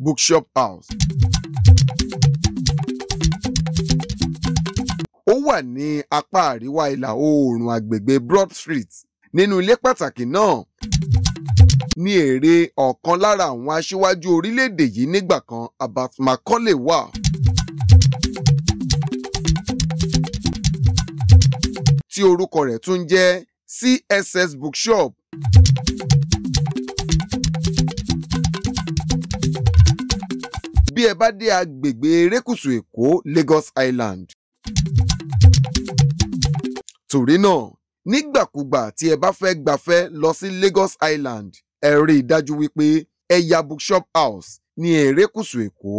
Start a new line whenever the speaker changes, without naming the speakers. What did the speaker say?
Bookshop House. ó wà ní apá àríwá ìlà oòrùn àgbègbè Broad Street nínú ilé pàtàkì náà ní èrè ọ̀kan lára àwọn aṣíwájú orílẹ̀-èdè yìí nígbà kan Abat Macaulay wà. tí orúkọ rẹ̀ tún jẹ́ CSS Bookshop. bí ẹ bá dé agbègbè erékùṣù èkó Lagos Island. torí náà nígbàkúgbà tí ẹ bá fẹ́ gbafẹ́ lọ sí Lagos Island ẹ rí i dájú wípé ẹ ya bookshop house ní erékùṣù èkó.